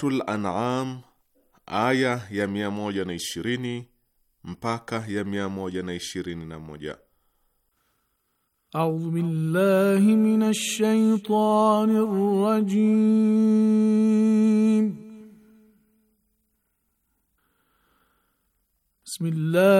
Suratul An'am aya ya 120 mpaka ya 121. A'udhu billahi minash shaitanir rajim. Bismillah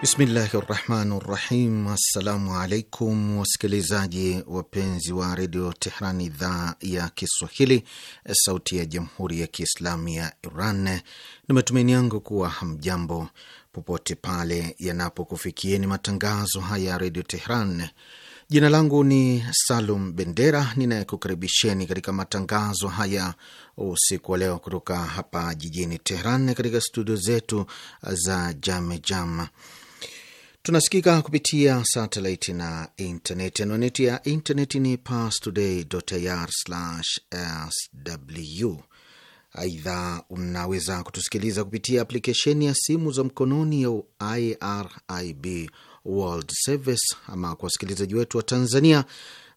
Bismillahi rahmani rahim. Assalamu alaikum wasikilizaji wapenzi wa redio Tehran, idhaa ya Kiswahili, sauti ya jamhuri ya kiislamu ya Iran. Ni matumaini yangu kuwa hamjambo popote pale yanapokufikieni matangazo haya ya redio Tehran. Jina langu ni Salum Bendera ninayekukaribisheni katika matangazo haya usiku wa leo kutoka hapa jijini Tehran, katika studio zetu za jamejama Jam. Tunasikika kupitia satellite na intaneti. Anwani ya intaneti ni parstoday.ir/sw. Aidha, unaweza kutusikiliza kupitia aplikesheni ya simu za mkononi ya IRIB World Service. Ama kwa wasikilizaji wetu wa Tanzania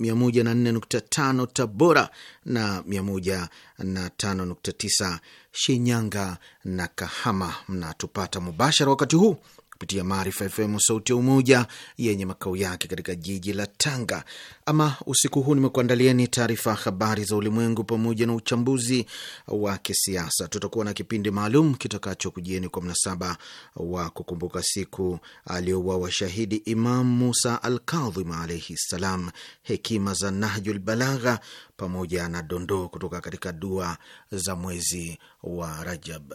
104.5 Tabora na 105.9 Shinyanga na Kahama. Mnatupata mubashara wakati huu kupitia Maarifa FM sauti ya Umoja yenye makao yake katika jiji la Tanga. Ama usiku huu nimekuandalieni taarifa habari za ulimwengu pamoja na uchambuzi wa kisiasa. Tutakuwa na kipindi maalum kitakachokujieni kwa mnasaba wa kukumbuka siku aliyouawa shahidi Imam Musa al Kadhim alaihi ssalam, hekima za Nahjul Balagha pamoja na dondoo kutoka katika dua za mwezi wa Rajab.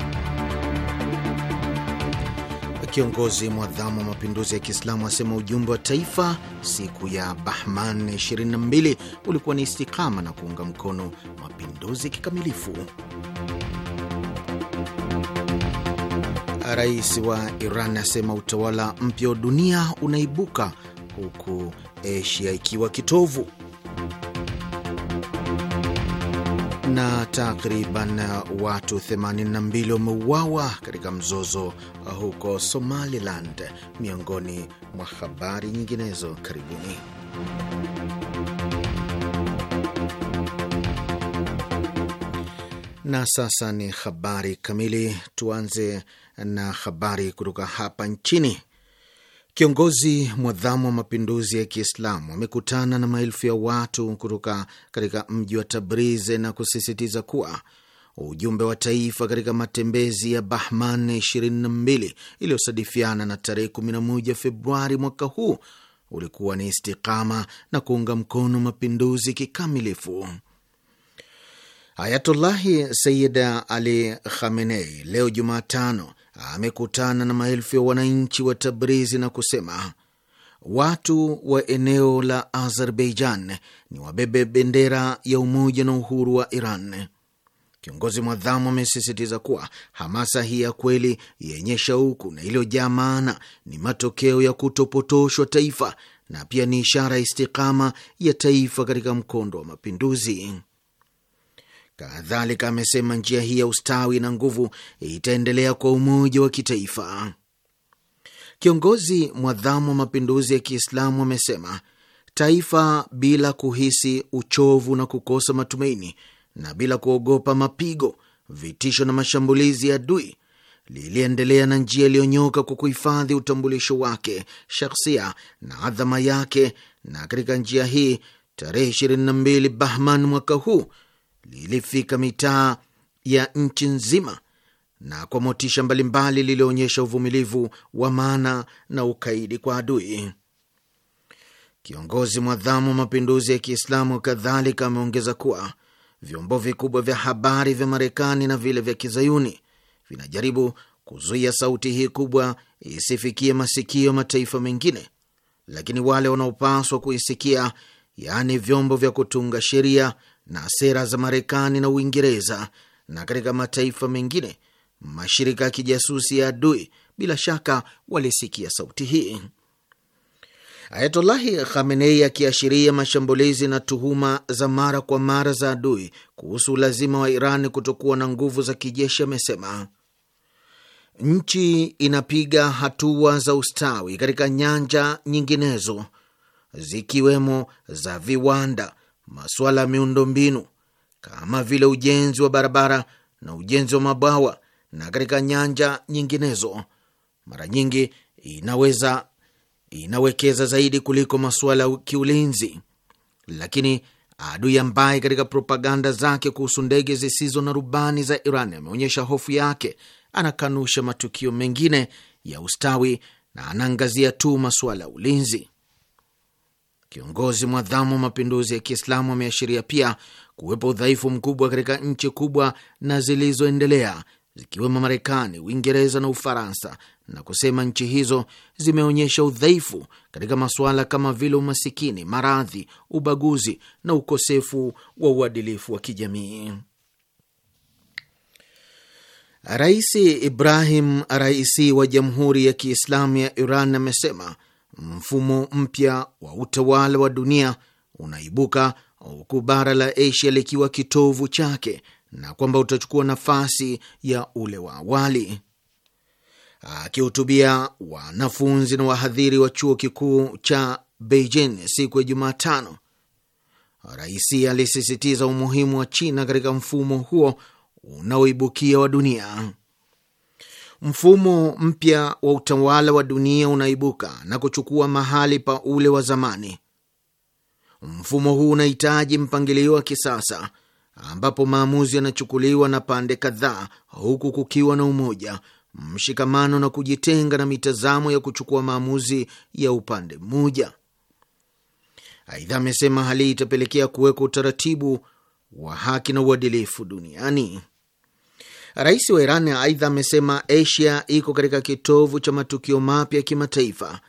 Kiongozi mwadhamu wa mapinduzi ya Kiislamu asema ujumbe wa taifa siku ya Bahman 22 ulikuwa ni istikama na kuunga mkono mapinduzi kikamilifu. Rais wa Iran asema utawala mpya wa dunia unaibuka huku Asia ikiwa kitovu. na takriban watu 82 wameuawa katika mzozo uh, huko Somaliland, miongoni mwa habari nyinginezo. Karibuni. Na sasa ni habari kamili. Tuanze na habari kutoka hapa nchini. Kiongozi mwadhamu wa mapinduzi ya Kiislamu amekutana na maelfu ya watu kutoka katika mji wa Tabriz na kusisitiza kuwa ujumbe wa taifa katika matembezi ya Bahman 22 iliyosadifiana na tarehe 11 Februari mwaka huu ulikuwa ni istikama na kuunga mkono mapinduzi kikamilifu. Ayatullahi Sayida Ali Khamenei leo Jumatano amekutana na maelfu ya wananchi wa Tabrizi na kusema watu wa eneo la Azerbaijan ni wabebe bendera ya umoja na uhuru wa Iran. Kiongozi mwadhamu amesisitiza kuwa hamasa hii ya kweli yenye shauku na iliyojaa maana ni matokeo ya kutopotoshwa taifa na pia ni ishara ya istikama ya taifa katika mkondo wa mapinduzi. Kadhalika amesema njia hii ya ustawi na nguvu itaendelea kwa umoja wa kitaifa. Kiongozi mwadhamu wa mapinduzi ya Kiislamu amesema taifa bila kuhisi uchovu na kukosa matumaini na bila kuogopa mapigo, vitisho na mashambulizi ya adui liliendelea na njia iliyonyoka kwa kuhifadhi utambulisho wake shakhsia na adhama yake, na katika njia hii tarehe 22 Bahman mwaka huu lilifika mitaa ya nchi nzima na kwa motisha mbalimbali lilionyesha uvumilivu wa maana na ukaidi kwa adui. Kiongozi mwadhamu wa mapinduzi ya Kiislamu kadhalika ameongeza kuwa vyombo vikubwa vya habari vya Marekani na vile vya kizayuni vinajaribu kuzuia sauti hii kubwa isifikie masikio mataifa mengine, lakini wale wanaopaswa kuisikia, yaani vyombo vya kutunga sheria na sera za Marekani na Uingereza na katika mataifa mengine mashirika ya kijasusi ya adui bila shaka walisikia sauti hii. Ayatolahi Khamenei akiashiria mashambulizi na tuhuma za mara kwa mara za adui kuhusu ulazima wa Iran kutokuwa na nguvu za kijeshi amesema nchi inapiga hatua za ustawi katika nyanja nyinginezo zikiwemo za viwanda masuala ya miundombinu kama vile ujenzi wa barabara na ujenzi wa mabwawa na katika nyanja nyinginezo, mara nyingi inaweza inawekeza zaidi kuliko masuala ya kiulinzi. Lakini adui ambaye katika propaganda zake kuhusu ndege zisizo na rubani za Iran ameonyesha hofu yake, anakanusha matukio mengine ya ustawi na anaangazia tu masuala ya ulinzi. Kiongozi mwadhamu wa mapinduzi ya Kiislamu ameashiria pia kuwepo udhaifu mkubwa katika nchi kubwa na zilizoendelea zikiwemo Marekani, Uingereza na Ufaransa, na kusema nchi hizo zimeonyesha udhaifu katika masuala kama vile umasikini, maradhi, ubaguzi na ukosefu wa uadilifu wa kijamii. Rais Ibrahim Raisi wa Jamhuri ya Kiislamu ya Iran amesema mfumo mpya wa utawala wa dunia unaibuka huku bara la Asia likiwa kitovu chake na kwamba utachukua nafasi ya ule wa awali. Akihutubia wanafunzi na wahadhiri wa chuo kikuu cha Beijing siku ya Jumatano, rais alisisitiza umuhimu wa China katika mfumo huo unaoibukia wa dunia. Mfumo mpya wa utawala wa dunia unaibuka na kuchukua mahali pa ule wa zamani. Mfumo huu unahitaji mpangilio wa kisasa ambapo maamuzi yanachukuliwa na pande kadhaa, huku kukiwa na umoja, mshikamano na kujitenga na mitazamo ya kuchukua maamuzi ya upande mmoja. Aidha, amesema hali itapelekea kuweka utaratibu wa haki na uadilifu duniani. Rais wa Iran aidha amesema Asia iko katika kitovu cha matukio mapya ya kimataifa,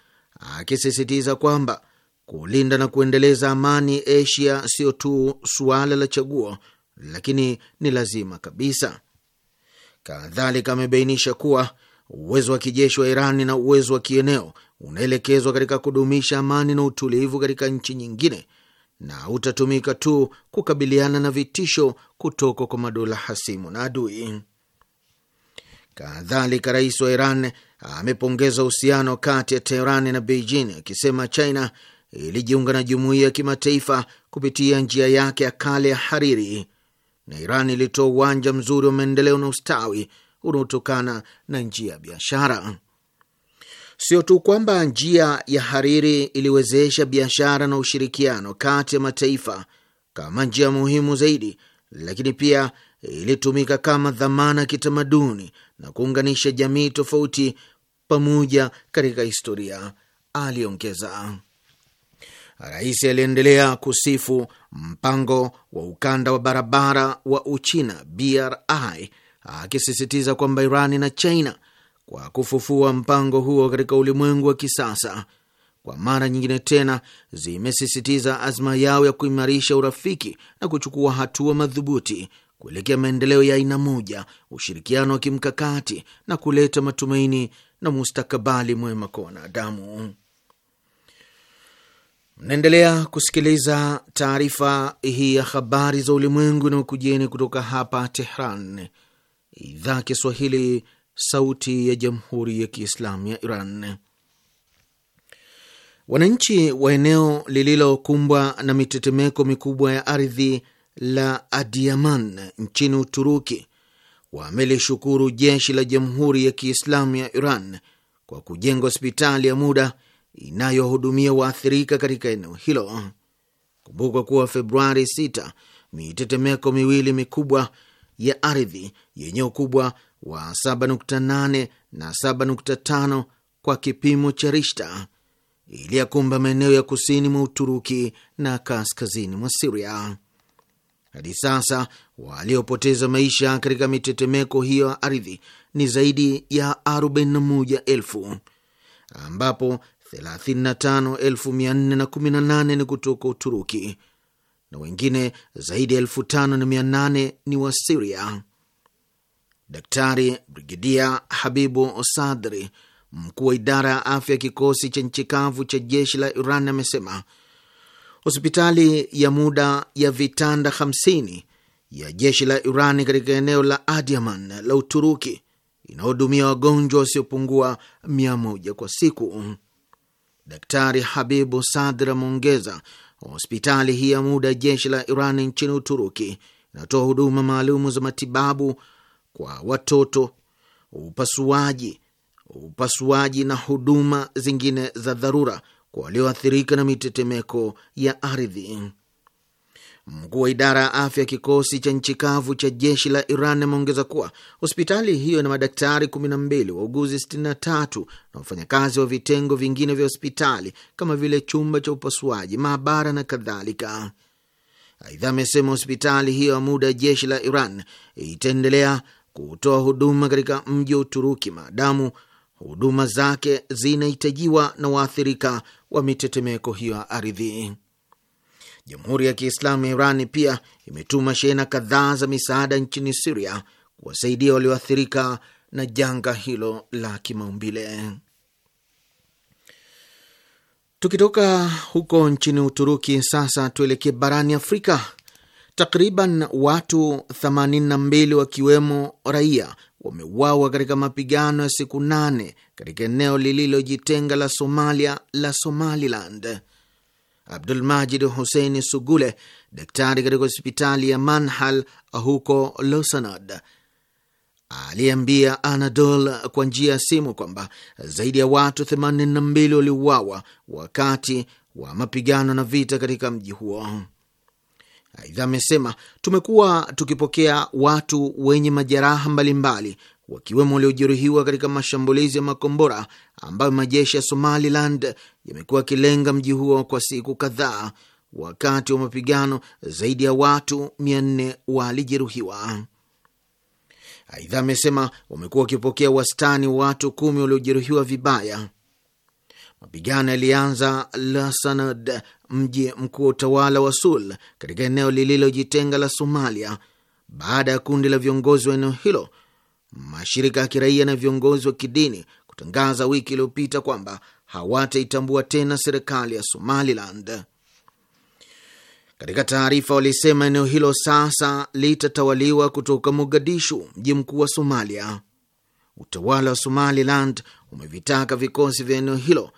akisisitiza kwamba kulinda na kuendeleza amani Asia sio tu suala la chaguo, lakini ni lazima kabisa. Kadhalika amebainisha kuwa uwezo wa kijeshi wa Iran na uwezo wa kieneo unaelekezwa katika kudumisha amani na utulivu katika nchi nyingine na utatumika tu kukabiliana na vitisho kutoka kwa madola hasimu na adui. Kadhalika, rais wa Iran amepongeza uhusiano kati ya Teheran na Beijing akisema China ilijiunga na jumuiya ya kimataifa kupitia njia yake ya kale ya hariri na Iran ilitoa uwanja mzuri wa maendeleo na ustawi unaotokana na njia ya biashara. Sio tu kwamba njia ya hariri iliwezesha biashara na ushirikiano kati ya mataifa kama njia muhimu zaidi, lakini pia ilitumika kama dhamana ya kitamaduni na kuunganisha jamii tofauti pamoja katika historia, aliongeza. Rais aliendelea kusifu mpango wa ukanda wa barabara wa Uchina BRI akisisitiza kwamba Irani na China kwa kufufua mpango huo katika ulimwengu wa kisasa, kwa mara nyingine tena zimesisitiza azma yao ya kuimarisha urafiki na kuchukua hatua madhubuti kuelekea maendeleo ya aina moja, ushirikiano wa kimkakati na kuleta matumaini na mustakabali mwema kwa wanadamu. Mnaendelea kusikiliza taarifa hii ya habari za ulimwengu na ukujeni kutoka hapa Tehran, idhaa Kiswahili, sauti ya jamhuri ya kiislamu ya Iran. Wananchi wa eneo lililokumbwa na mitetemeko mikubwa ya ardhi la Adiaman nchini Uturuki wamelishukuru jeshi la Jamhuri ya Kiislamu ya Iran kwa kujenga hospitali ya muda inayohudumia waathirika katika eneo hilo. Kumbuka kuwa Februari 6 mitetemeko miwili mikubwa ya ardhi yenye ukubwa wa 7.8 na 7.5 kwa kipimo cha Rishta iliyakumba maeneo ya kusini mwa Uturuki na kaskazini mwa Siria. Hadi sasa waliopoteza maisha katika mitetemeko hiyo ya ardhi ni zaidi ya 41,000 ambapo 35,418 ni kutoka Uturuki na wengine zaidi ya 5,800 ni wa Siria. Daktari Brigedia Habibu Sadri, mkuu wa idara ya afya ya kikosi cha nchi kavu cha jeshi la Iran, amesema Hospitali ya muda ya vitanda 50 ya jeshi la Irani katika eneo la Adiaman la Uturuki inahudumia wagonjwa wasiopungua 100 kwa siku. Daktari Habibu Sadr ameongeza, hospitali hii ya muda ya jeshi la Irani nchini Uturuki inatoa huduma maalumu za matibabu kwa watoto, upasuaji, upasuaji na huduma zingine za dharura kwa walioathirika na mitetemeko ya ardhi. Mkuu wa idara ya afya ya kikosi cha nchi kavu cha jeshi la Iran ameongeza kuwa hospitali hiyo ina madaktari 12, wauguzi 63 na wafanyakazi wa vitengo vingine vya hospitali kama vile chumba cha upasuaji, maabara na kadhalika. Aidha, amesema hospitali hiyo ya muda ya jeshi la Iran itaendelea kutoa huduma katika mji wa Uturuki maadamu huduma zake zinahitajiwa na waathirika wa mitetemeko hiyo ya ardhi. Jamhuri ya Kiislamu ya Iran pia imetuma shehena kadhaa za misaada nchini Siria kuwasaidia walioathirika na janga hilo la kimaumbile. Tukitoka huko nchini Uturuki sasa tuelekee barani Afrika. Takriban watu 82 wakiwemo raia wameuawa katika mapigano ya siku nane katika eneo lililojitenga la Somalia la Somaliland. Abdul Majid Hussein Sugule, daktari katika hospitali ya Manhal huko Losanad, aliambia Anadol kwa njia ya simu kwamba zaidi ya watu 82 waliuawa wakati wa mapigano na vita katika mji huo. Aidha amesema tumekuwa tukipokea watu wenye majeraha mbalimbali, wakiwemo waliojeruhiwa katika mashambulizi ya makombora ambayo majeshi ya Somaliland yamekuwa yakilenga mji huo kwa siku kadhaa. Wakati wa mapigano zaidi ya watu 4 walijeruhiwa. Aidha amesema wamekuwa wakipokea wastani wa watu kumi waliojeruhiwa vibaya. Mapigano yalianza Lasanad mji mkuu wa utawala wa Sul katika eneo lililojitenga la Somalia baada ya kundi la viongozi wa eneo hilo, mashirika ya kiraia na viongozi wa kidini kutangaza wiki iliyopita kwamba hawataitambua tena serikali ya Somaliland. Katika taarifa walisema eneo hilo sasa litatawaliwa kutoka Mogadishu, mji mkuu wa Somalia. Utawala wa Somaliland umevitaka vikosi vya eneo hilo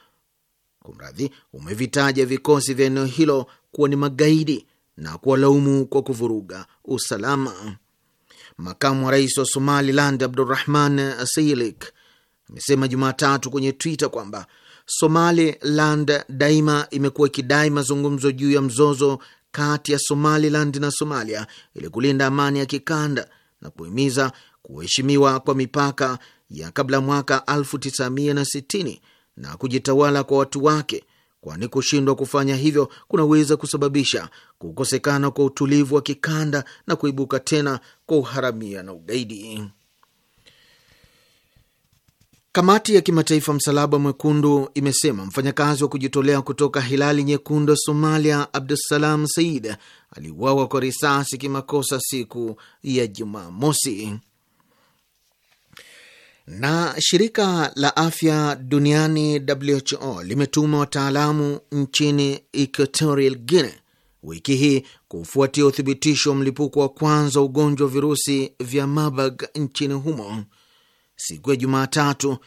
kumradhi, umevitaja vikosi vya eneo hilo kuwa ni magaidi na kuwalaumu kwa kuvuruga usalama. Makamu wa rais wa Somaliland Abdurahman Seilik amesema Jumatatu kwenye Twitter kwamba Somaliland daima imekuwa ikidai mazungumzo juu ya mzozo kati ya Somaliland na Somalia ili kulinda amani ya kikanda na kuhimiza kuheshimiwa kwa mipaka ya kabla mwaka 1960 na kujitawala kwa watu wake, kwani kushindwa kufanya hivyo kunaweza kusababisha kukosekana kwa utulivu wa kikanda na kuibuka tena kwa uharamia na ugaidi. Kamati ya Kimataifa Msalaba Mwekundu imesema mfanyakazi wa kujitolea kutoka Hilali Nyekundu ya Somalia, Abdusalam Said aliuawa kwa risasi kimakosa siku ya Jumamosi. Na shirika la afya duniani WHO limetuma wataalamu nchini Equatorial Guinea wiki hii kufuatia uthibitisho wa mlipuko wa kwanza wa ugonjwa wa virusi vya Marburg nchini humo. Siku ya Jumatatu,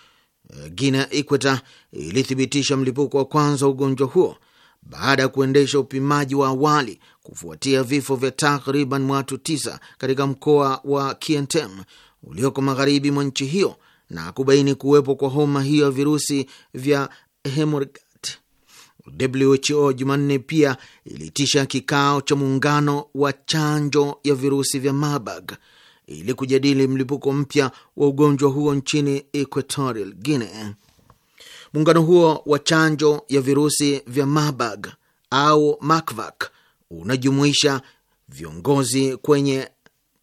Guinea Equator ilithibitisha mlipuko wa kwanza wa ugonjwa huo baada ya kuendesha upimaji wa awali kufuatia vifo vya takriban watu tisa katika mkoa wa Kientem ulioko magharibi mwa nchi hiyo na kubaini kuwepo kwa homa hiyo ya virusi vya hemorrhagic. WHO Jumanne pia iliitisha kikao cha muungano wa chanjo ya virusi vya Marburg ili kujadili mlipuko mpya wa ugonjwa huo nchini Equatorial Guinea. Muungano huo wa chanjo ya virusi vya Marburg au MARVAC unajumuisha viongozi kwenye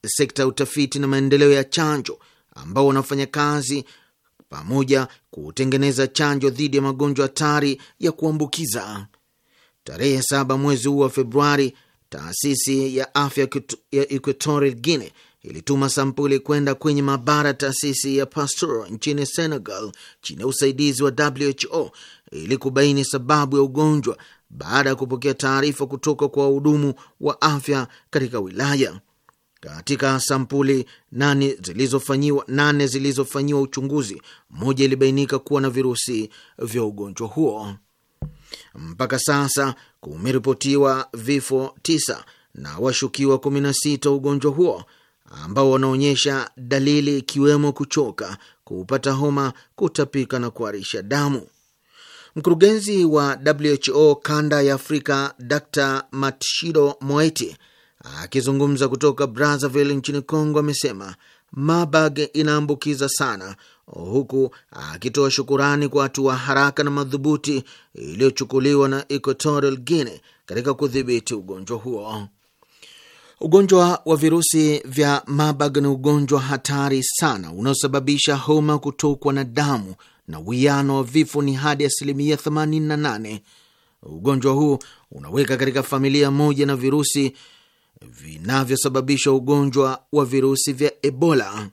sekta ya utafiti na maendeleo ya chanjo ambao wanafanya kazi pamoja kutengeneza chanjo dhidi ya magonjwa hatari ya kuambukiza. Tarehe saba mwezi huu wa Februari, taasisi ya afya ya Equatorial Guinea ilituma sampuli kwenda kwenye maabara ya taasisi ya Pasteur nchini Senegal chini ya usaidizi wa WHO ili kubaini sababu ya ugonjwa baada ya kupokea taarifa kutoka kwa wahudumu wa afya katika wilaya. Katika sampuli nane zilizofanyiwa nane zilizofanyiwa uchunguzi, moja ilibainika kuwa na virusi vya ugonjwa huo. Mpaka sasa kumeripotiwa vifo tisa na washukiwa sita ugonjwa huo ambao wanaonyesha dalili ikiwemo kuchoka, kupata homa, kutapika na kuharisha damu. Mkurugenzi wa WHO kanda ya Afrika Dr Matshidiso Moeti Akizungumza kutoka Brazzaville nchini congo amesema Marburg inaambukiza sana, huku akitoa shukurani kwa hatua haraka na madhubuti iliyochukuliwa na Equatorial Guinea katika kudhibiti ugonjwa huo. Ugonjwa wa virusi vya Marburg ni ugonjwa hatari sana unaosababisha homa, kutokwa na damu na wiano wa vifo ni hadi asilimia 88. Ugonjwa huu unaweka katika familia moja na virusi vinavyosababisha ugonjwa wa virusi vya Ebola.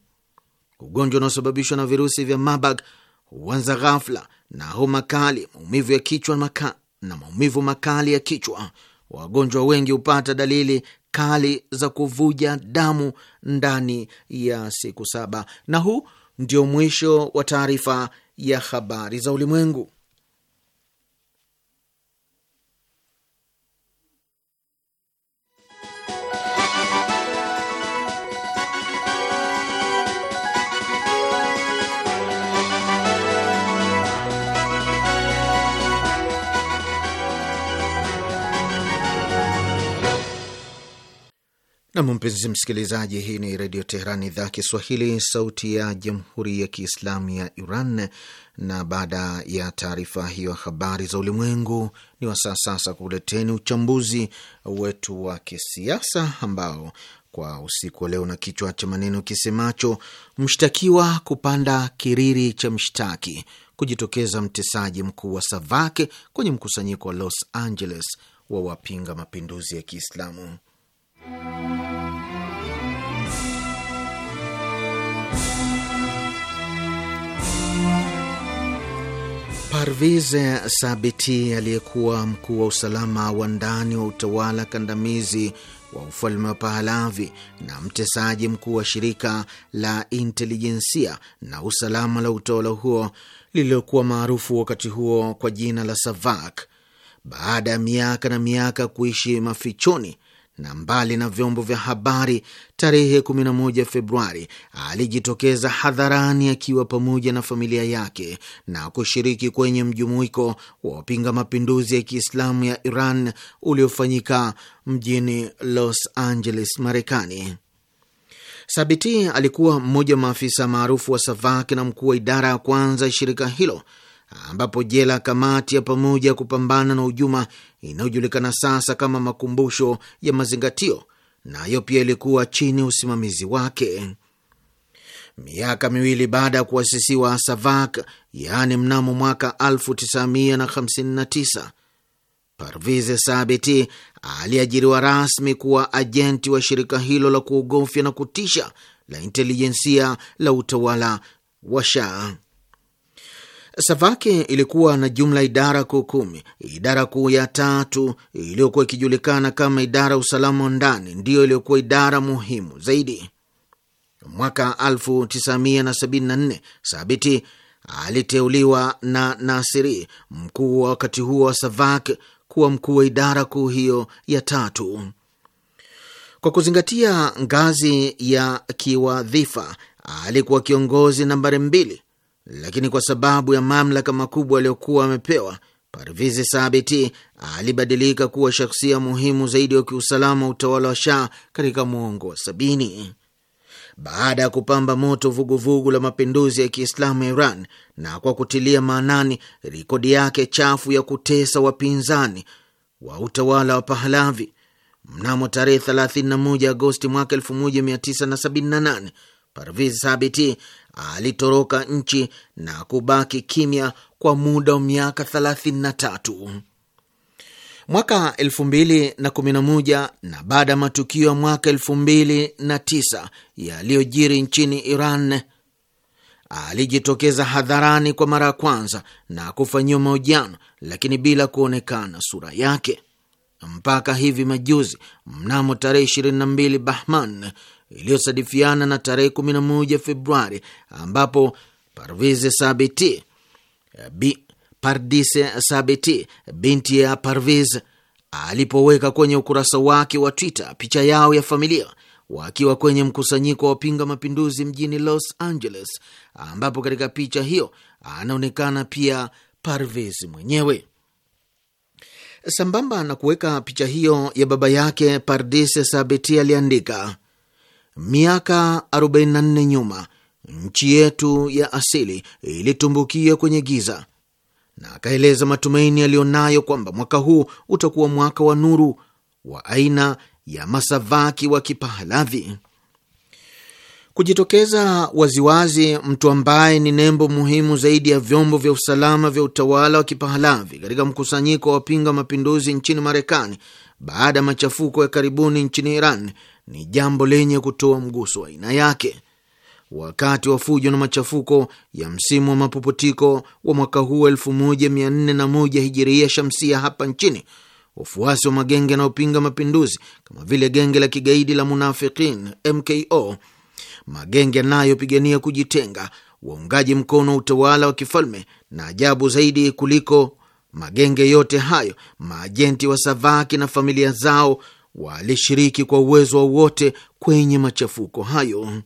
Ugonjwa unaosababishwa na virusi vya Marburg huanza ghafla na homa kali, maumivu ya kichwa maka, na maumivu makali ya kichwa. Wagonjwa wengi hupata dalili kali za kuvuja damu ndani ya siku saba. Na huu ndio mwisho wa taarifa ya habari za ulimwengu. Nam, mpenzi msikilizaji, hii ni Redio Teheran, idhaa ya Kiswahili, sauti ya Jamhuri ya Kiislamu ya Iran. Na baada ya taarifa hiyo habari za ulimwengu, ni wasaa sasa kuleteni uchambuzi wetu wa kisiasa ambao kwa usiku wa leo na kichwa cha maneno kisemacho mshtakiwa kupanda kiriri cha mshtaki, kujitokeza mtesaji mkuu wa savake kwenye mkusanyiko wa Los Angeles wa wapinga mapinduzi ya Kiislamu. Parvis Sabiti aliyekuwa mkuu wa usalama wa ndani wa utawala kandamizi wa ufalme wa pahalavi na mtesaji mkuu wa shirika la intelijensia na usalama la utawala huo lililokuwa maarufu wakati huo kwa jina la SAVAK, baada ya miaka na miaka kuishi mafichoni na mbali na vyombo vya habari, tarehe 11 Februari alijitokeza hadharani akiwa pamoja na familia yake na kushiriki kwenye mjumuiko wa wapinga mapinduzi ya Kiislamu ya Iran uliofanyika mjini Los Angeles, Marekani. Sabiti alikuwa mmoja wa maafisa maarufu wa SAVAK na mkuu wa idara ya kwanza ya shirika hilo ambapo jela kamati ya pamoja ya kupambana na hujuma inayojulikana sasa kama makumbusho ya mazingatio, nayo na pia ilikuwa chini usimamizi wake. Miaka miwili baada ya kuasisiwa SAVAK, yaani mnamo mwaka 1959 Parviz Sabiti aliajiriwa rasmi kuwa ajenti wa shirika hilo la kuogofya na kutisha la intelijensia la utawala wa Shah. Savaki ilikuwa na jumla idara kuu kumi. Idara kuu ya tatu iliyokuwa ikijulikana kama idara ya usalama ndani ndiyo iliyokuwa idara muhimu zaidi. Mwaka 1974 Sabiti aliteuliwa na Nasiri, mkuu wa wakati huo wa Savak, kuwa mkuu wa idara kuu hiyo ya tatu. Kwa kuzingatia ngazi ya kiwadhifa, alikuwa kiongozi nambari mbili lakini kwa sababu ya mamlaka makubwa aliyokuwa amepewa, Parvizi Sabiti alibadilika kuwa shakhsia muhimu zaidi wa kiusalama wa utawala wa Shah katika mwongo wa sabini baada ya kupamba moto vuguvugu vugu la mapinduzi ya Kiislamu ya Iran na kwa kutilia maanani rekodi yake chafu ya kutesa wapinzani wa utawala wa Pahalavi, mnamo tarehe 31 Agosti mwaka 1978 Parvis Sabiti alitoroka nchi na kubaki kimya kwa muda wa miaka 33. Mwaka 2011 na baada ya matukio ya mwaka 2009 yaliyojiri nchini Iran, alijitokeza hadharani kwa mara ya kwanza na kufanyiwa mahojiano, lakini bila kuonekana sura yake mpaka hivi majuzi, mnamo tarehe 22 Bahman iliyosadifiana na tarehe 11 Februari ambapo Parvise Sabiti bi, Pardise Sabiti binti ya Parvis alipoweka kwenye ukurasa wake wa Twitter picha yao ya familia wakiwa kwenye mkusanyiko wa wapinga mapinduzi mjini Los Angeles, ambapo katika picha hiyo anaonekana pia Parvis mwenyewe. Sambamba na kuweka picha hiyo ya baba yake, Pardise Sabiti aliandika Miaka 44 nyuma nchi yetu ya asili ilitumbukia kwenye giza, na akaeleza matumaini aliyonayo kwamba mwaka huu utakuwa mwaka wa nuru wa aina ya Masavaki wa Kipahalavi. Kujitokeza waziwazi mtu ambaye ni nembo muhimu zaidi ya vyombo vya usalama vya utawala wa Kipahalavi katika mkusanyiko wa wapinga mapinduzi nchini Marekani baada ya machafuko ya karibuni nchini Iran ni jambo lenye kutoa mguso wa aina yake. Wakati wa fujo na machafuko ya msimu wa mapoputiko wa mwaka huu 1401 hijiria shamsia hapa nchini, wafuasi wa magenge yanayopinga mapinduzi kama vile genge la kigaidi la Munafikin mko magenge yanayopigania kujitenga, waungaji mkono wa utawala wa kifalme, na ajabu zaidi kuliko magenge yote hayo, maajenti wa Savaki na familia zao walishiriki kwa uwezo wowote kwenye machafuko hayo.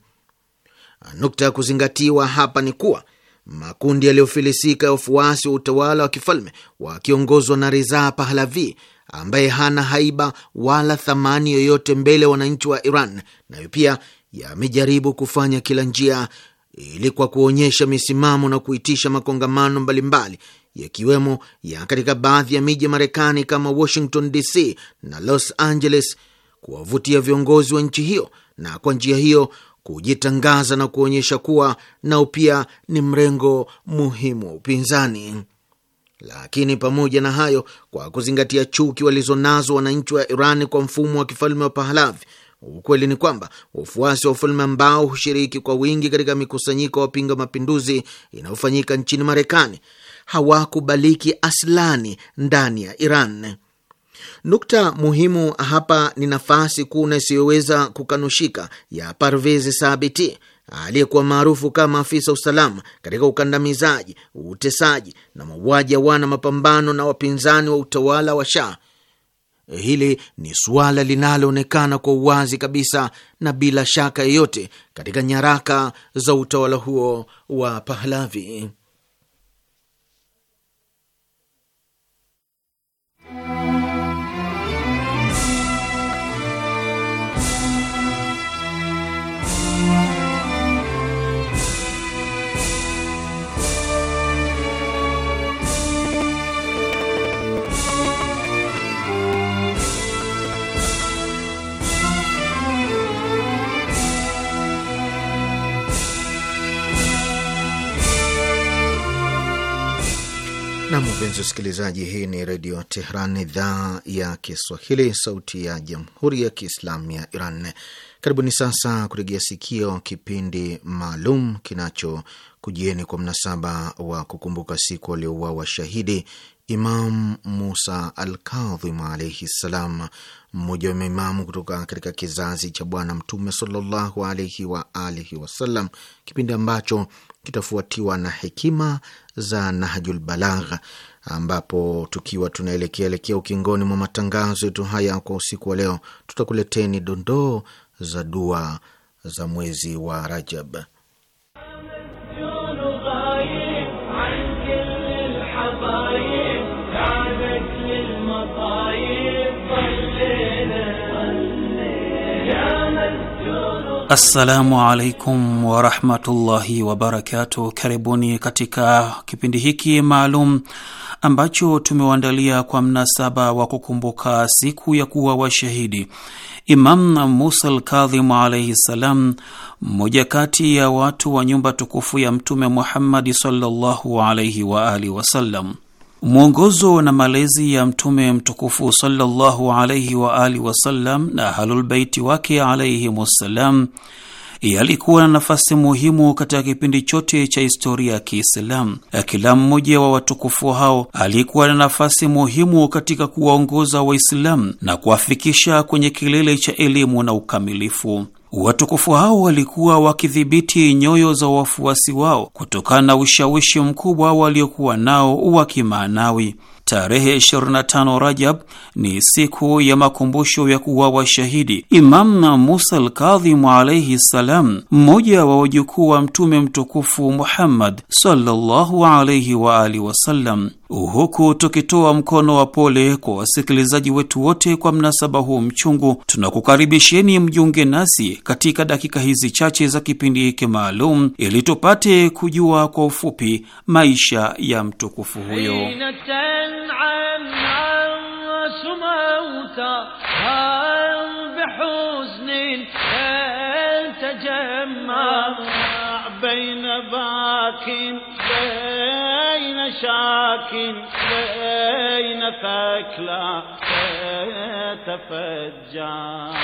Nukta ya kuzingatiwa hapa ni kuwa makundi yaliyofilisika ya wafuasi wa utawala wa kifalme wakiongozwa na riza Pahlavi ambaye hana haiba wala thamani yoyote mbele ya wananchi wa Iran, nayo pia yamejaribu kufanya kila njia ili kwa kuonyesha misimamo na kuitisha makongamano mbalimbali yakiwemo ya katika baadhi ya miji ya Marekani kama Washington DC na Los Angeles kuwavutia viongozi wa nchi hiyo na kwa njia hiyo kujitangaza na kuonyesha kuwa nao pia ni mrengo muhimu wa upinzani. Lakini pamoja na hayo, kwa kuzingatia chuki walizonazo wananchi wa Iran kwa mfumo wa kifalme wa Pahlavi Ukweli ni kwamba wafuasi wa ufalme ambao hushiriki kwa wingi katika mikusanyiko ya wapinga mapinduzi inayofanyika nchini Marekani hawakubaliki aslani ndani ya Iran. Nukta muhimu hapa ni nafasi kuu na isiyoweza kukanushika ya Parvez Sabiti aliyekuwa maarufu kama afisa usalama katika ukandamizaji, utesaji na mauaji ya wana mapambano na wapinzani wa utawala wa Shah Hili ni suala linaloonekana kwa uwazi kabisa na bila shaka yeyote katika nyaraka za utawala huo wa Pahlavi. Nam, mpenzi usikilizaji, hii ni Redio Tehran, idhaa ya Kiswahili, sauti ya Jamhuri ya Kiislamu ya Iran. Karibuni sasa kuregea sikio kipindi maalum kinachokujieni kwa mnasaba wa kukumbuka siku waliouawa shahidi Imam Musa Kadhim alaihi ssalam, mmoja wa maimamu kutoka katika kizazi cha Bwana Mtume sallallahu alaihi wa alihi wasallam, kipindi ambacho kitafuatiwa na hekima za Nahjul Balagha, ambapo tukiwa tunaelekea elekea ukingoni mwa matangazo yetu haya kwa usiku wa leo, tutakuleteni dondoo za dua za mwezi wa Rajab. Assalamu alaikum warahmatullahi wabarakatuh. Karibuni katika kipindi hiki maalum ambacho tumewaandalia kwa mnasaba wa kukumbuka siku ya kuwa washahidi Imam Musa al alaihi salam, mmoja kati ya watu wa nyumba tukufu ya Mtume Muhammadi sallallahu alaihi waalihi wasallam wasallam. Mwongozo na malezi ya Mtume mtukufu sallallahu alaihi wa alihi wasallam na Ahlulbeiti wake alaihim wassalam yalikuwa na nafasi muhimu katika kipindi chote cha historia ya Kiislamu. Kila mmoja wa watukufu hao alikuwa na nafasi muhimu katika kuwaongoza Waislamu na kuwafikisha kwenye kilele cha elimu na ukamilifu. Watukufu hao walikuwa wakidhibiti nyoyo za wafuasi wao kutokana na ushawishi mkubwa waliokuwa nao wa kimaanawi. Tarehe 25 Rajab ni siku ya makumbusho ya kuwa shahidi Imam Musa al alaihi ssalam, salam, mmoja wa wajukuu wa Mtume mtukufu Muhammad sallallahu alaihi waalihi wasallam huku tukitoa mkono wa pole kwa wasikilizaji wetu wote kwa mnasaba huu mchungu. Tunakukaribisheni mjiunge nasi katika dakika hizi chache za kipindi hiki maalum, ili tupate kujua kwa ufupi maisha ya mtukufu huyo. تفجع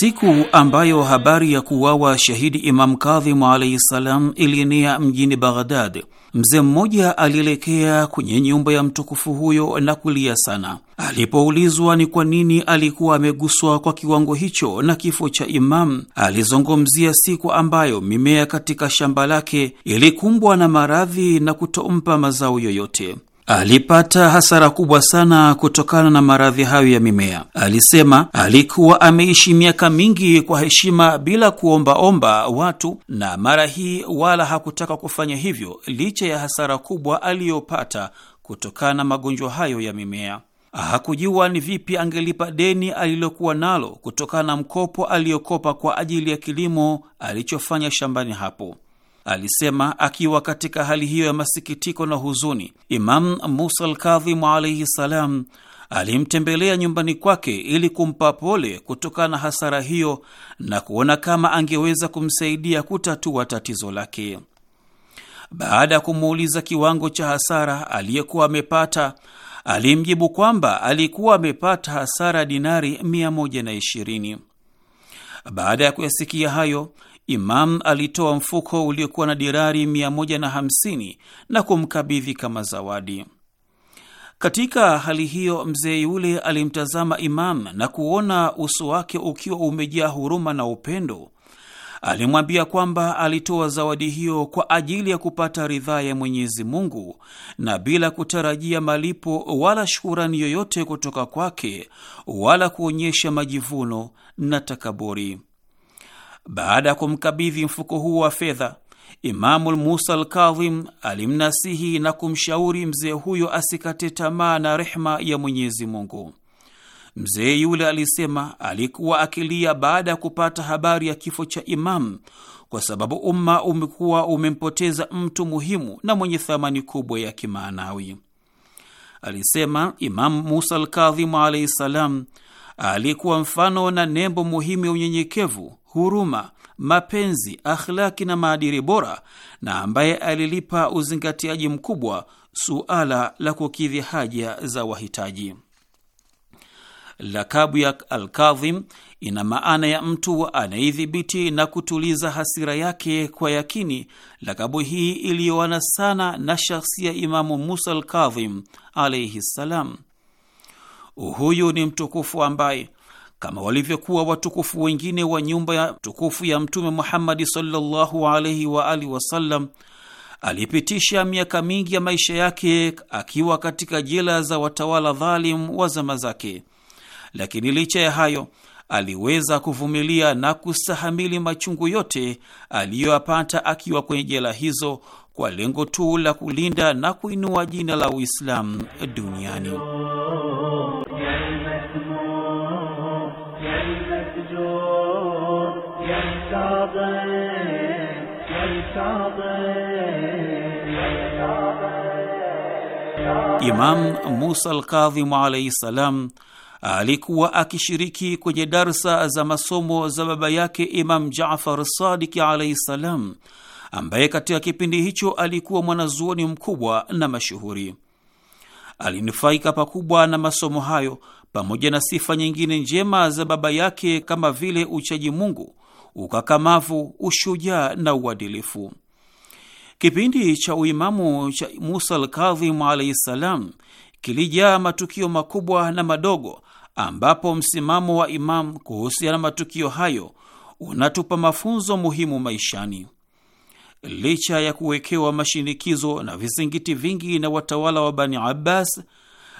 Siku ambayo habari ya kuwawa shahidi Imam Kadhim alayhi salam ilienea mjini Baghdad Mzee mmoja alielekea kwenye nyumba ya mtukufu huyo na kulia sana. Alipoulizwa ni kwa nini alikuwa ameguswa kwa kiwango hicho na kifo cha Imam, alizungumzia siku ambayo mimea katika shamba lake ilikumbwa na maradhi na kutompa mazao yoyote. Alipata hasara kubwa sana kutokana na maradhi hayo ya mimea. Alisema alikuwa ameishi miaka mingi kwa heshima bila kuombaomba watu, na mara hii wala hakutaka kufanya hivyo licha ya hasara kubwa aliyopata kutokana na magonjwa hayo ya mimea. Hakujua ni vipi angelipa deni alilokuwa nalo kutokana na mkopo aliyokopa kwa ajili ya kilimo alichofanya shambani hapo. Alisema akiwa katika hali hiyo ya masikitiko na huzuni, Imam Musa Alkadhimu alaihi salam alimtembelea nyumbani kwake ili kumpa pole kutokana na hasara hiyo na kuona kama angeweza kumsaidia kutatua tatizo lake. Baada ya kumuuliza kiwango cha hasara aliyekuwa amepata, alimjibu kwamba alikuwa amepata hasara dinari 120. Baada ya kuyasikia hayo Imam alitoa mfuko uliokuwa na dirari 150 na kumkabidhi kama zawadi. Katika hali hiyo, mzee yule alimtazama Imam na kuona uso wake ukiwa umejaa huruma na upendo. Alimwambia kwamba alitoa zawadi hiyo kwa ajili ya kupata ridhaa ya Mwenyezi Mungu na bila kutarajia malipo wala shukurani yoyote kutoka kwake wala kuonyesha majivuno na takaburi. Baada ya kumkabidhi mfuko huo wa fedha, Imamu Musa Alkadhim alimnasihi na kumshauri mzee huyo asikate tamaa na rehma ya Mwenyezi Mungu. Mzee yule alisema alikuwa akilia baada ya kupata habari ya kifo cha Imamu, kwa sababu umma umekuwa umempoteza mtu muhimu na mwenye thamani kubwa ya kimaanawi. Alisema Imamu Musa Alkadhimu alaihi ssalam alikuwa mfano na nembo muhimu ya unyenyekevu, huruma, mapenzi, akhlaki na maadili bora, na ambaye alilipa uzingatiaji mkubwa suala la kukidhi haja za wahitaji. Lakabu ya Alkadhim ina maana ya mtu anayedhibiti na kutuliza hasira yake kwa yakini. Lakabu hii iliyoana sana na shakhsia Imamu Musa Alkadhim alaihi ssalam. Huyu ni mtukufu ambaye kama walivyokuwa watukufu wengine wa nyumba ya tukufu ya Mtume Muhammadi sallallahu alaihi wa alihi wasallam alipitisha miaka mingi ya maisha yake akiwa katika jela za watawala dhalim wa zama zake, lakini licha ya hayo aliweza kuvumilia na kustahamili machungu yote aliyoyapata akiwa kwenye jela hizo, kwa lengo tu la kulinda na kuinua jina la Uislamu duniani. Imam Musa Alkadhimu alaihi ssalam alikuwa akishiriki kwenye darsa za masomo za baba yake Imam Jafar Sadiki alaihi ssalam ambaye katika kipindi hicho alikuwa mwanazuoni mkubwa na mashuhuri. Alinufaika pakubwa na masomo hayo pamoja na sifa nyingine njema za baba yake kama vile uchaji Mungu, ukakamavu, ushujaa na uadilifu. Kipindi cha uimamu cha Musa Alkadhimu alaihi ssalam kilijaa matukio makubwa na madogo, ambapo msimamo wa imamu kuhusiana na matukio hayo unatupa mafunzo muhimu maishani licha ya kuwekewa mashinikizo na vizingiti vingi na watawala wa Bani Abbas,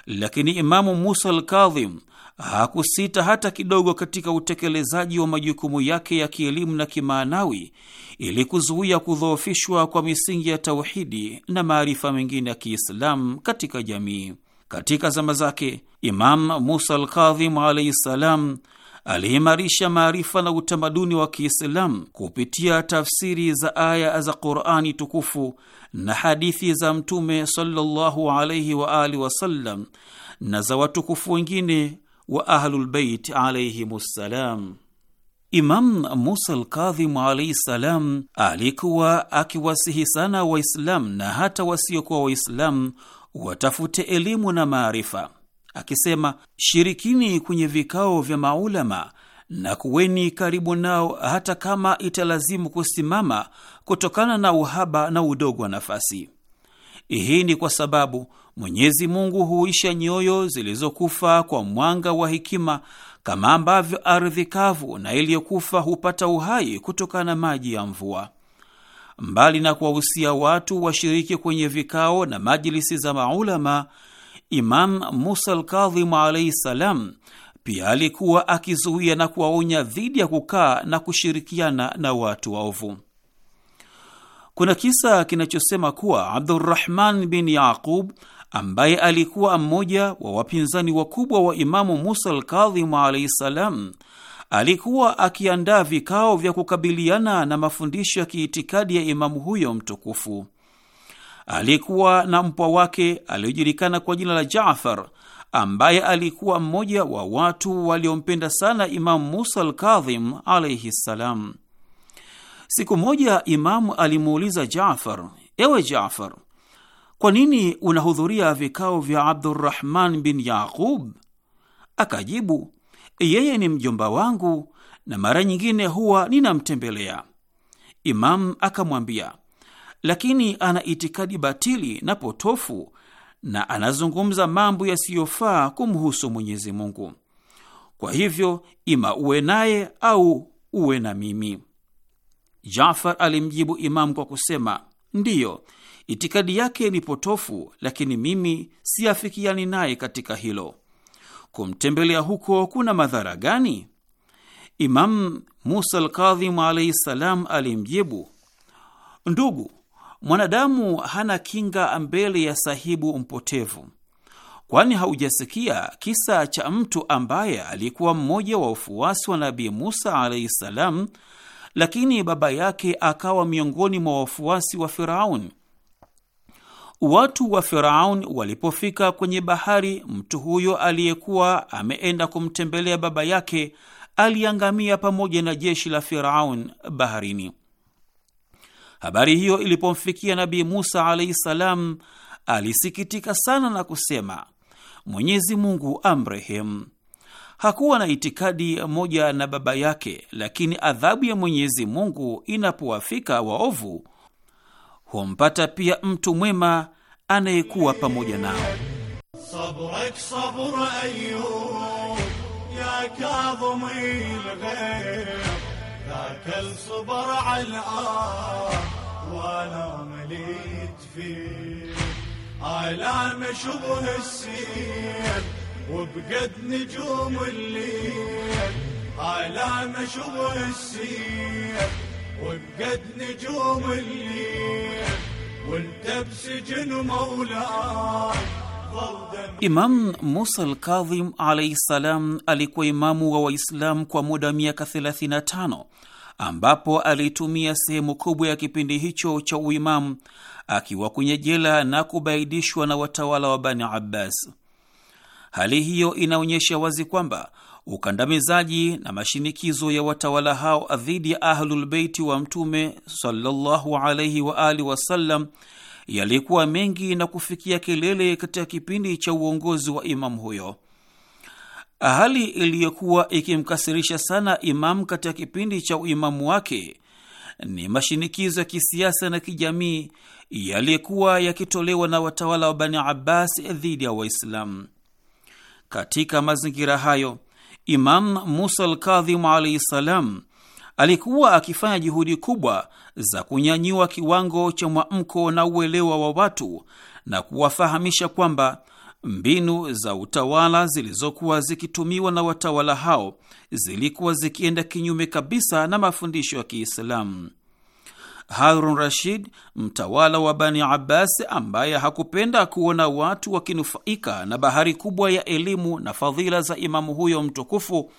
lakini Imamu Musa al hakusita hata kidogo katika utekelezaji wa majukumu yake ya kielimu na kimaanawi ili kuzuia kudhoofishwa kwa misingi ya tauhidi na maarifa mengine ya Kiislamu katika jamii. Katika zama zake, Imam Musa al alaihi ssalam salam aliimarisha maarifa na utamaduni wa Kiislamu kupitia tafsiri za aya za Qurani tukufu na hadithi za Mtume sallallahu wa wasallam na za watukufu wengine wa Ahlulbeit alaihimussalam. Imam Musa Alkadhimu alaihi salam alikuwa akiwasihi sana Waislamu na hata wasiokuwa Waislamu watafute elimu na maarifa akisema, shirikini kwenye vikao vya maulama na kuweni karibu nao hata kama italazimu kusimama kutokana na uhaba na udogo wa nafasi. Hii ni kwa sababu Mwenyezi Mungu huisha nyoyo zilizokufa kwa mwanga wa hekima, kama ambavyo ardhi kavu na iliyokufa hupata uhai kutokana na maji ya mvua. Mbali na kuwahusia watu washiriki kwenye vikao na majilisi za maulama Imam Musa Alkadhim alaihi salam pia alikuwa akizuia na kuwaonya dhidi ya kukaa na kushirikiana na watu waovu. Kuna kisa kinachosema kuwa Abdurrahman bin Yaqub ambaye alikuwa mmoja wa wapinzani wakubwa wa Imamu Musa Alkadhimu alaihi ssalam alikuwa akiandaa vikao vya kukabiliana na mafundisho ya kiitikadi ya imamu huyo mtukufu aliyekuwa na mpwa wake aliyojulikana kwa jina la Jafar, ambaye alikuwa mmoja wa watu waliompenda sana Imamu Musa al alaihi ssalam. Siku moja Imamu alimuuliza Jafar, ewe Jafar, kwa nini unahudhuria vikao vya Abdurrahman bin Yaqub? Akajibu, yeye ni mjomba wangu na mara nyingine huwa ninamtembelea. Imamu akamwambia lakini ana itikadi batili na potofu na anazungumza mambo yasiyofaa kumhusu Mwenyezi Mungu. Kwa hivyo ima uwe naye au uwe na mimi. Jafar alimjibu Imamu kwa kusema ndiyo, itikadi yake ni potofu, lakini mimi siafikiani naye katika hilo. Kumtembelea huko kuna madhara gani? Imamu Musa Alkadhimu alaihi ssalam alimjibu, ndugu mwanadamu hana kinga mbele ya sahibu mpotevu, kwani haujasikia kisa cha mtu ambaye alikuwa mmoja wa wafuasi wa Nabii Musa alaihi salam lakini baba yake akawa miongoni mwa wafuasi wa Firaun. Watu wa Firaun walipofika kwenye bahari, mtu huyo aliyekuwa ameenda kumtembelea baba yake aliangamia pamoja na jeshi la Firaun baharini. Habari hiyo ilipomfikia Nabii Musa alaihi salam, alisikitika sana na kusema, Mwenyezi Mungu amrehemu. Hakuwa na itikadi moja na baba yake, lakini adhabu ya Mwenyezi Mungu inapowafika waovu humpata pia mtu mwema anayekuwa pamoja nao. ya كل صبر على الآب وانا مليت فيه آلام شبه السيل وبقد نجوم الليل آلام شبه السيل وبقد نجوم الليل وانت بسجن مولاي Imam Musa al-Kadhim alayhi salam alikuwa imamu wa Waislamu kwa muda wa miaka 35 ambapo alitumia sehemu kubwa ya kipindi hicho cha uimamu akiwa kwenye jela na kubaidishwa na watawala wa Bani Abbas. Hali hiyo inaonyesha wazi kwamba ukandamizaji na mashinikizo ya watawala hao dhidi ya Ahlulbeiti wa Mtume sallallahu alaihi wa alihi wasallam yalikuwa mengi na kufikia kelele katika kipindi cha uongozi wa imamu huyo hali iliyokuwa ikimkasirisha sana Imam katika kipindi cha uimamu wake ni mashinikizo ya kisiasa na kijamii yaliyokuwa yakitolewa na watawala wa Bani Abbas dhidi ya Waislamu. Katika mazingira hayo, Imam Musa Alkadhimu alaihi ssalam alikuwa akifanya juhudi kubwa za kunyanyua kiwango cha mwamko na uelewa wa watu na kuwafahamisha kwamba Mbinu za utawala zilizokuwa zikitumiwa na watawala hao zilikuwa zikienda kinyume kabisa na mafundisho ya Kiislamu. Harun Rashid, mtawala wa Bani Abbas, ambaye hakupenda kuona watu wakinufaika na bahari kubwa ya elimu na fadhila za imamu huyo mtukufu,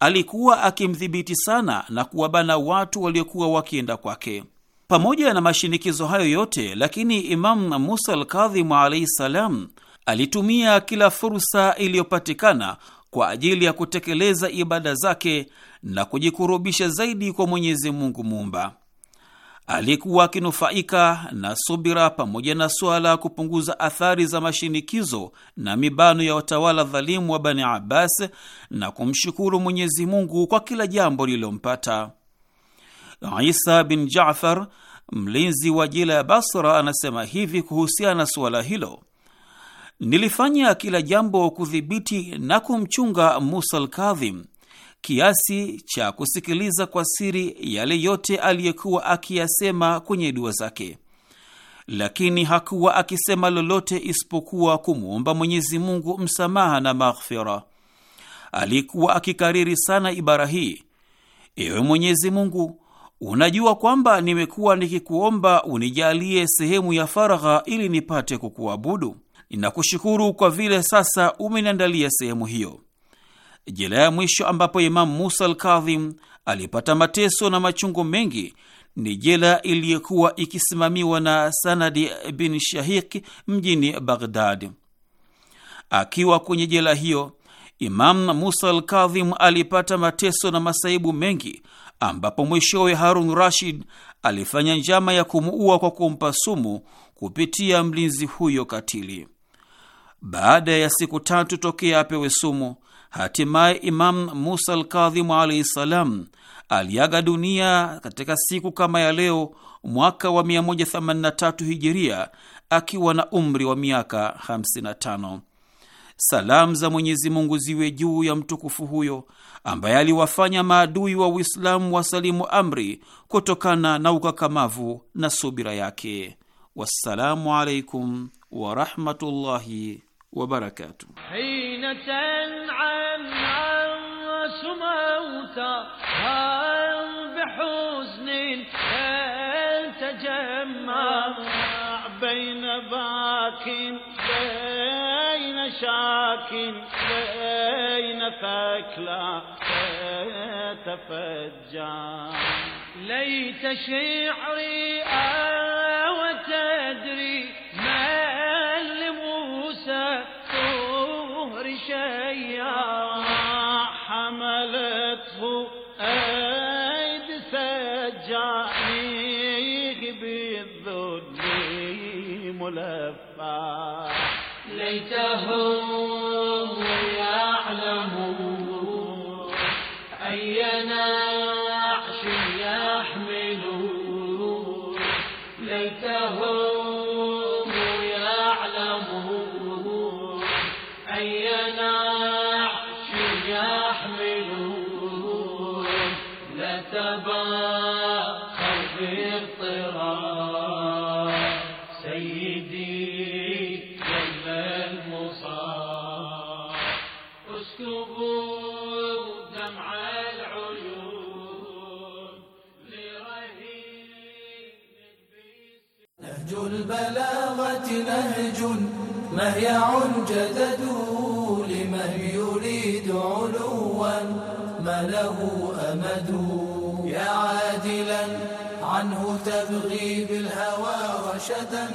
alikuwa akimdhibiti sana na kuwabana watu waliokuwa wakienda kwake. Pamoja na mashinikizo hayo yote, lakini Imamu Musa Alkadhimu alaihi ssalam alitumia kila fursa iliyopatikana kwa ajili ya kutekeleza ibada zake na kujikurubisha zaidi kwa Mwenyezi Mungu Muumba. Alikuwa akinufaika na subira pamoja na suala ya kupunguza athari za mashinikizo na mibano ya watawala dhalimu wa Bani Abbas na kumshukuru Mwenyezi Mungu kwa kila jambo lililompata. Isa bin Jafar, mlinzi wa jela ya Basra, anasema hivi kuhusiana na suala hilo: Nilifanya kila jambo kudhibiti na kumchunga Musa al kiasi cha kusikiliza kwa siri yale yote aliyekuwa akiyasema kwenye dua zake, lakini hakuwa akisema lolote isipokuwa kumwomba Mwenyezi Mungu msamaha na maghfira. Alikuwa akikariri sana ibara hii: ewe Mwenyezi Mungu, unajua kwamba nimekuwa nikikuomba unijalie sehemu ya faragha ili nipate kukuabudu Ninakushukuru kwa vile sasa umeniandalia sehemu hiyo. Jela ya mwisho ambapo Imamu Musa al alipata mateso na machungo mengi ni jela iliyokuwa ikisimamiwa na Sanadi bin Shahik mjini Baghdad. Akiwa kwenye jela hiyo, Imam Musa al alipata mateso na masaibu mengi, ambapo mwishowe Harun Rashid alifanya njama ya kumuua kwa kumpa sumu kupitia mlinzi huyo katili. Baada ya siku tatu tokea apewe sumu, hatimaye Imam Musa Alkadhimu alaihi ssalam aliaga dunia katika siku kama ya leo mwaka wa 183 hijiria akiwa na umri wa miaka 55. Salamu za Mwenyezi Mungu ziwe juu ya mtukufu huyo ambaye aliwafanya maadui wa Uislamu wasalimu amri kutokana na ukakamavu na subira yake. Wassalamu alaikum warahmatullahi وبركاته حين تنعم عرس موتى بحزن تجمع بين باك بين شاك بين فكلا تفجع ليت شعري أه الخلفاء ليتهم أحياع جدد لمن يريد علوا ما له أمد يا عادلا عنه تبغي بالهوى رشدا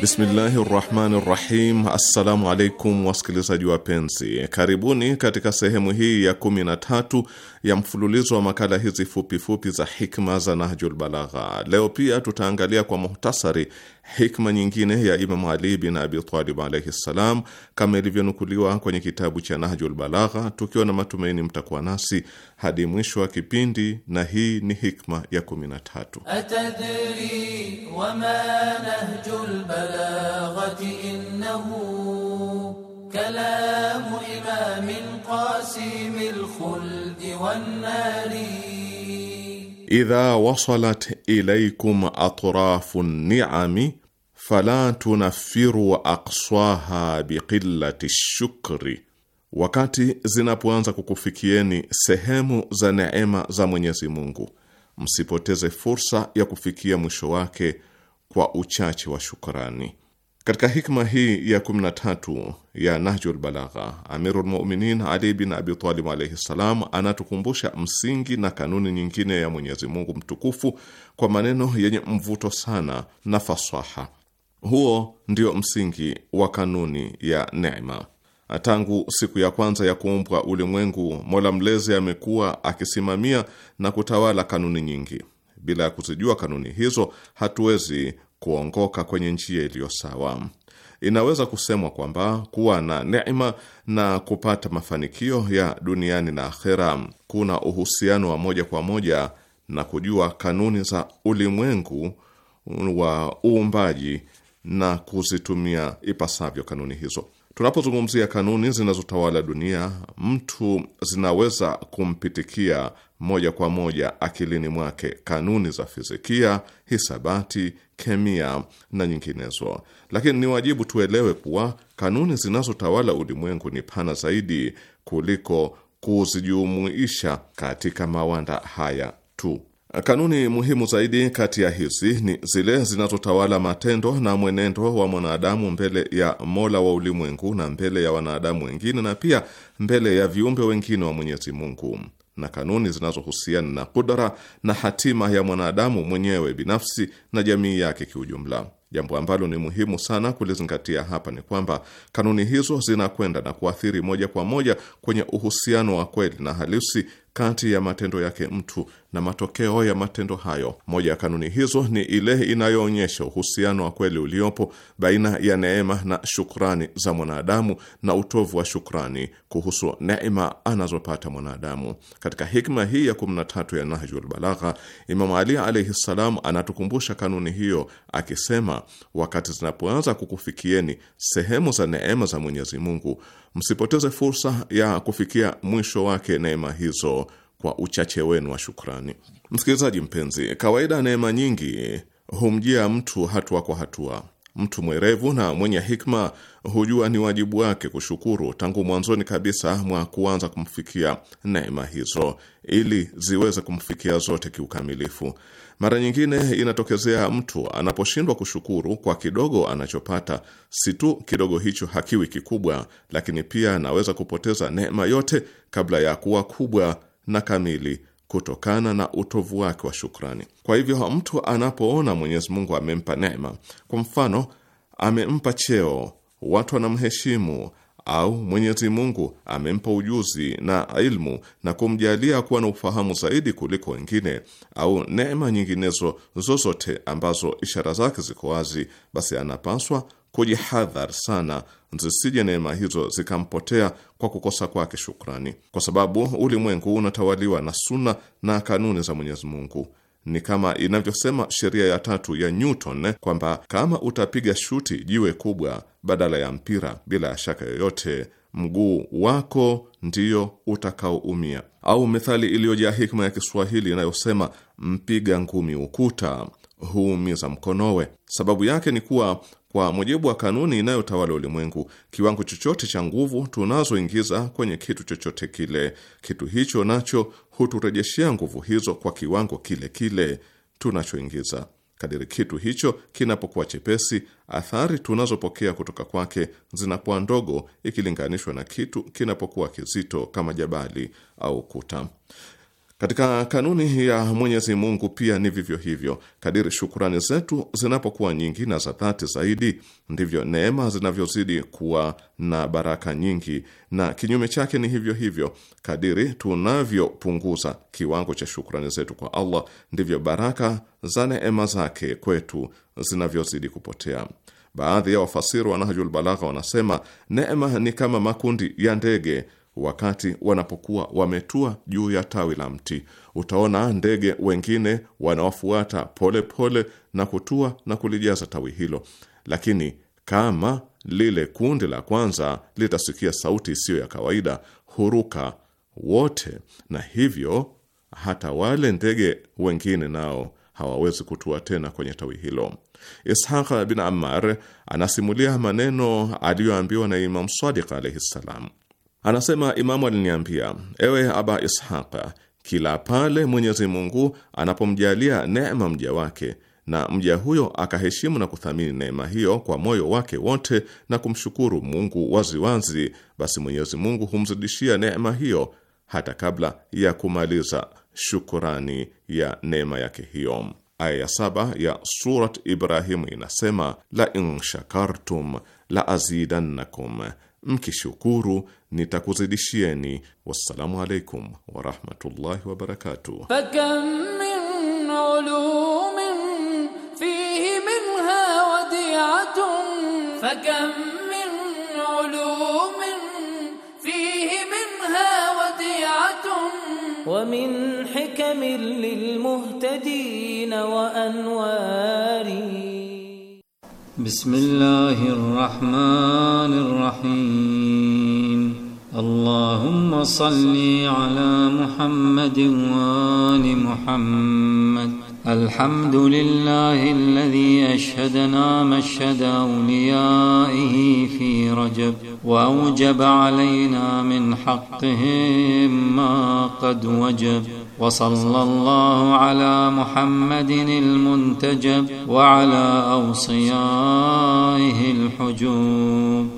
Bismillahi rahmani rahim. Assalamu alaikum wasikilizaji wapenzi, karibuni katika sehemu hii ya kumi na tatu ya mfululizo wa makala hizi fupifupi fupi za hikma za Nahjul Balagha. Leo pia tutaangalia kwa muhtasari hikma nyingine ya Imamu Ali bin Abi Talib alaihi ssalam, kama ilivyonukuliwa kwenye kitabu cha Nahjul Balagha, tukiwa na matumaini mtakuwa nasi hadi mwisho wa kipindi. Na hii ni hikma ya kumi na tatu. البلاغه انه كلام امام قاسم الخلد والنار اذا وصلت اليكم اطراف النعم فلا tunaffiru اقصاها بقله الشكر wakati zinapoanza kukufikieni sehemu za neema za Mwenyezi Mungu, msipoteze fursa ya kufikia mwisho wake kwa uchache wa shukrani. Katika hikma hii ya 13 ya Nahjul Balagha, Amirul Mu'minin Ali bin Abi Talib alayhi salam anatukumbusha msingi na kanuni nyingine ya Mwenyezi Mungu mtukufu kwa maneno yenye mvuto sana na fasaha. Huo ndio msingi wa kanuni ya neema. Tangu siku ya kwanza ya kuumbwa ulimwengu, Mola mlezi amekuwa akisimamia na kutawala kanuni nyingi bila ya kuzijua kanuni hizo, hatuwezi kuongoka kwenye njia iliyo sawa. Inaweza kusemwa kwamba kuwa na neema na kupata mafanikio ya duniani na akhera kuna uhusiano wa moja kwa moja na kujua kanuni za ulimwengu wa uumbaji na kuzitumia ipasavyo kanuni hizo. Tunapozungumzia kanuni zinazotawala dunia, mtu zinaweza kumpitikia moja kwa moja akilini mwake kanuni za fizikia, hisabati, kemia na nyinginezo, lakini ni wajibu tuelewe kuwa kanuni zinazotawala ulimwengu ni pana zaidi kuliko kuzijumuisha katika mawanda haya tu. Kanuni muhimu zaidi kati ya hizi ni zile zinazotawala matendo na mwenendo wa mwanadamu mbele ya Mola wa ulimwengu na mbele ya wanadamu wengine na pia mbele ya viumbe wengine wa Mwenyezi Mungu, na kanuni zinazohusiana na kudara na hatima ya mwanadamu mwenyewe binafsi na jamii yake kiujumla. Jambo ambalo ni muhimu sana kulizingatia hapa ni kwamba kanuni hizo zinakwenda na kuathiri moja kwa moja kwenye uhusiano wa kweli na halisi kati ya matendo yake mtu na matokeo ya matendo hayo. Moja ya kanuni hizo ni ile inayoonyesha uhusiano wa kweli uliopo baina ya neema na shukrani za mwanadamu na utovu wa shukrani kuhusu neema anazopata mwanadamu. Katika hikma hii ya 13 ya Nahjul Balagha, Imamu Ali alaihi ssalam anatukumbusha kanuni hiyo akisema wakati zinapoanza kukufikieni sehemu za neema za Mwenyezi Mungu, msipoteze fursa ya kufikia mwisho wake neema hizo kwa uchache wenu wa shukrani. Msikilizaji mpenzi, kawaida neema nyingi humjia mtu hatua kwa hatua. Mtu mwerevu na mwenye hikma hujua ni wajibu wake kushukuru tangu mwanzoni kabisa mwa kuanza kumfikia neema hizo, ili ziweze kumfikia zote kiukamilifu. Mara nyingine inatokezea mtu anaposhindwa kushukuru kwa kidogo anachopata, si tu kidogo hicho hakiwi kikubwa, lakini pia anaweza kupoteza neema yote kabla ya kuwa kubwa na kamili kutokana na utovu wake wa shukrani. Kwa hivyo, mtu anapoona Mwenyezi Mungu amempa neema, kwa mfano amempa cheo, watu wanamheshimu, au Mwenyezi Mungu amempa ujuzi na ilmu na kumjalia kuwa na ufahamu zaidi kuliko wengine, au neema nyinginezo zozote ambazo ishara zake ziko wazi, basi anapaswa kujihadhar sana zisije neema hizo zikampotea kwa kukosa kwake shukrani, kwa sababu ulimwengu unatawaliwa na suna na kanuni za Mwenyezi Mungu. Ni kama inavyosema sheria ya tatu ya Newton kwamba kama utapiga shuti jiwe kubwa badala ya mpira, bila shaka yoyote mguu wako ndiyo utakaoumia, au methali iliyojaa hikma ya Kiswahili inayosema mpiga ngumi ukuta huumiza mkonowe. Sababu yake ni kuwa kwa mujibu wa kanuni inayotawala ulimwengu, kiwango chochote cha nguvu tunazoingiza kwenye kitu chochote kile, kitu hicho nacho huturejeshea nguvu hizo kwa kiwango kile kile tunachoingiza. Kadiri kitu hicho kinapokuwa chepesi, athari tunazopokea kutoka kwake zinakuwa ndogo ikilinganishwa na kitu kinapokuwa kizito kama jabali au kuta. Katika kanuni ya Mwenyezi Mungu pia ni vivyo hivyo. Kadiri shukurani zetu zinapokuwa nyingi na za dhati zaidi, ndivyo neema zinavyozidi kuwa na baraka nyingi, na kinyume chake ni hivyo hivyo. Kadiri tunavyopunguza kiwango cha shukurani zetu kwa Allah, ndivyo baraka za neema zake kwetu zinavyozidi kupotea. Baadhi ya wafasiri wa Nahjul Balagha wanasema neema ni kama makundi ya ndege Wakati wanapokuwa wametua juu ya tawi la mti, utaona ndege wengine wanawafuata polepole na kutua na kulijaza tawi hilo, lakini kama lile kundi la kwanza litasikia sauti isiyo ya kawaida, huruka wote, na hivyo hata wale ndege wengine nao hawawezi kutua tena kwenye tawi hilo. Ishaq bin Ammar anasimulia maneno aliyoambiwa na Imam Sadiq alaihi ssalam. Anasema Imamu aliniambia, ewe Aba Ishaqa, kila pale Mwenyezi Mungu anapomjalia neema mja wake na mja huyo akaheshimu na kuthamini neema hiyo kwa moyo wake wote na kumshukuru Mungu waziwazi wazi, basi Mwenyezi Mungu humzidishia neema hiyo hata kabla ya kumaliza shukurani ya neema yake hiyo. Aya ya saba ya Surat Ibrahimu inasema la in shakartum la azidannakum Mkishukuru nitakuzidishieni. Wassalamu alaikum warahmatullahi wabarakatuh. ومن حكم للمهتدين وأنوار بسم الله الرحمن الرحيم اللهم صل على محمد وآل محمد الحمد لله الذي أشهدنا مشهد أوليائه في رجب وأوجب علينا من حقهم ما قد وجب وصلى الله على محمد المنتجب وعلى أوصيائه الحجوب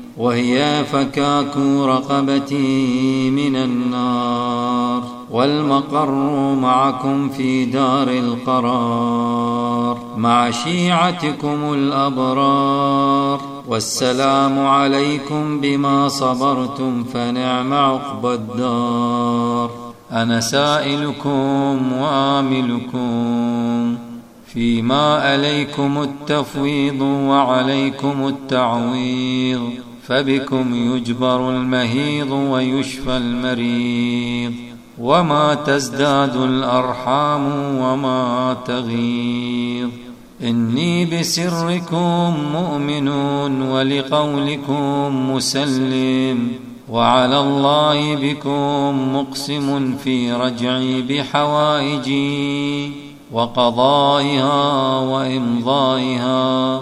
وهي فكاك رقبتي من النار والمقر معكم في دار القرار مع شيعتكم الأبرار والسلام عليكم بما صبرتم فنعم عقب الدار أنا سائلكم وآملكم فيما عليكم التفويض وعليكم التعويض فبكم يجبر المهيض ويشفى المريض وما تزداد الأرحام وما تغيظ إني بسركم مؤمن ولقولكم مسلم وعلى الله بكم مقسم في رجعي بحوائجي وقضائها وإمضائها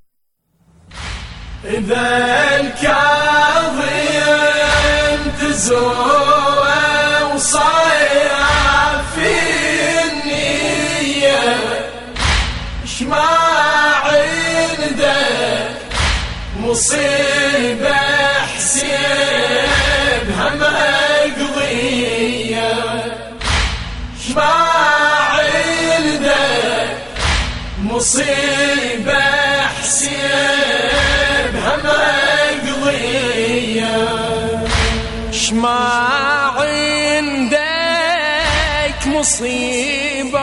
إذا الكاظم تزوى وصايع في النية شما عندك مصيبة حسيبها مقضية شما عندك مصيبة حسيبها هما قضية شما عندك مصيبة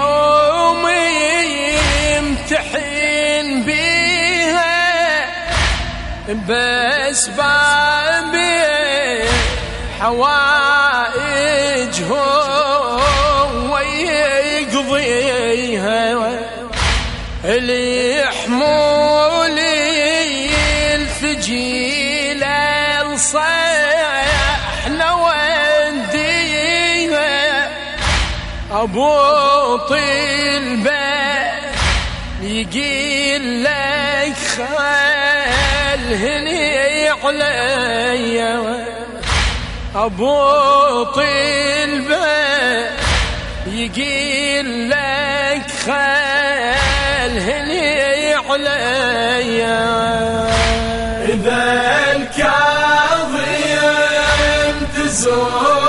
وممتحن بيها بس بابي حوائج هو يقضيها اللي يحمون وطلبه يقيل لك خال هني علي ابو طلبه يقيل لك خال هني علي اذا الكاظم تزور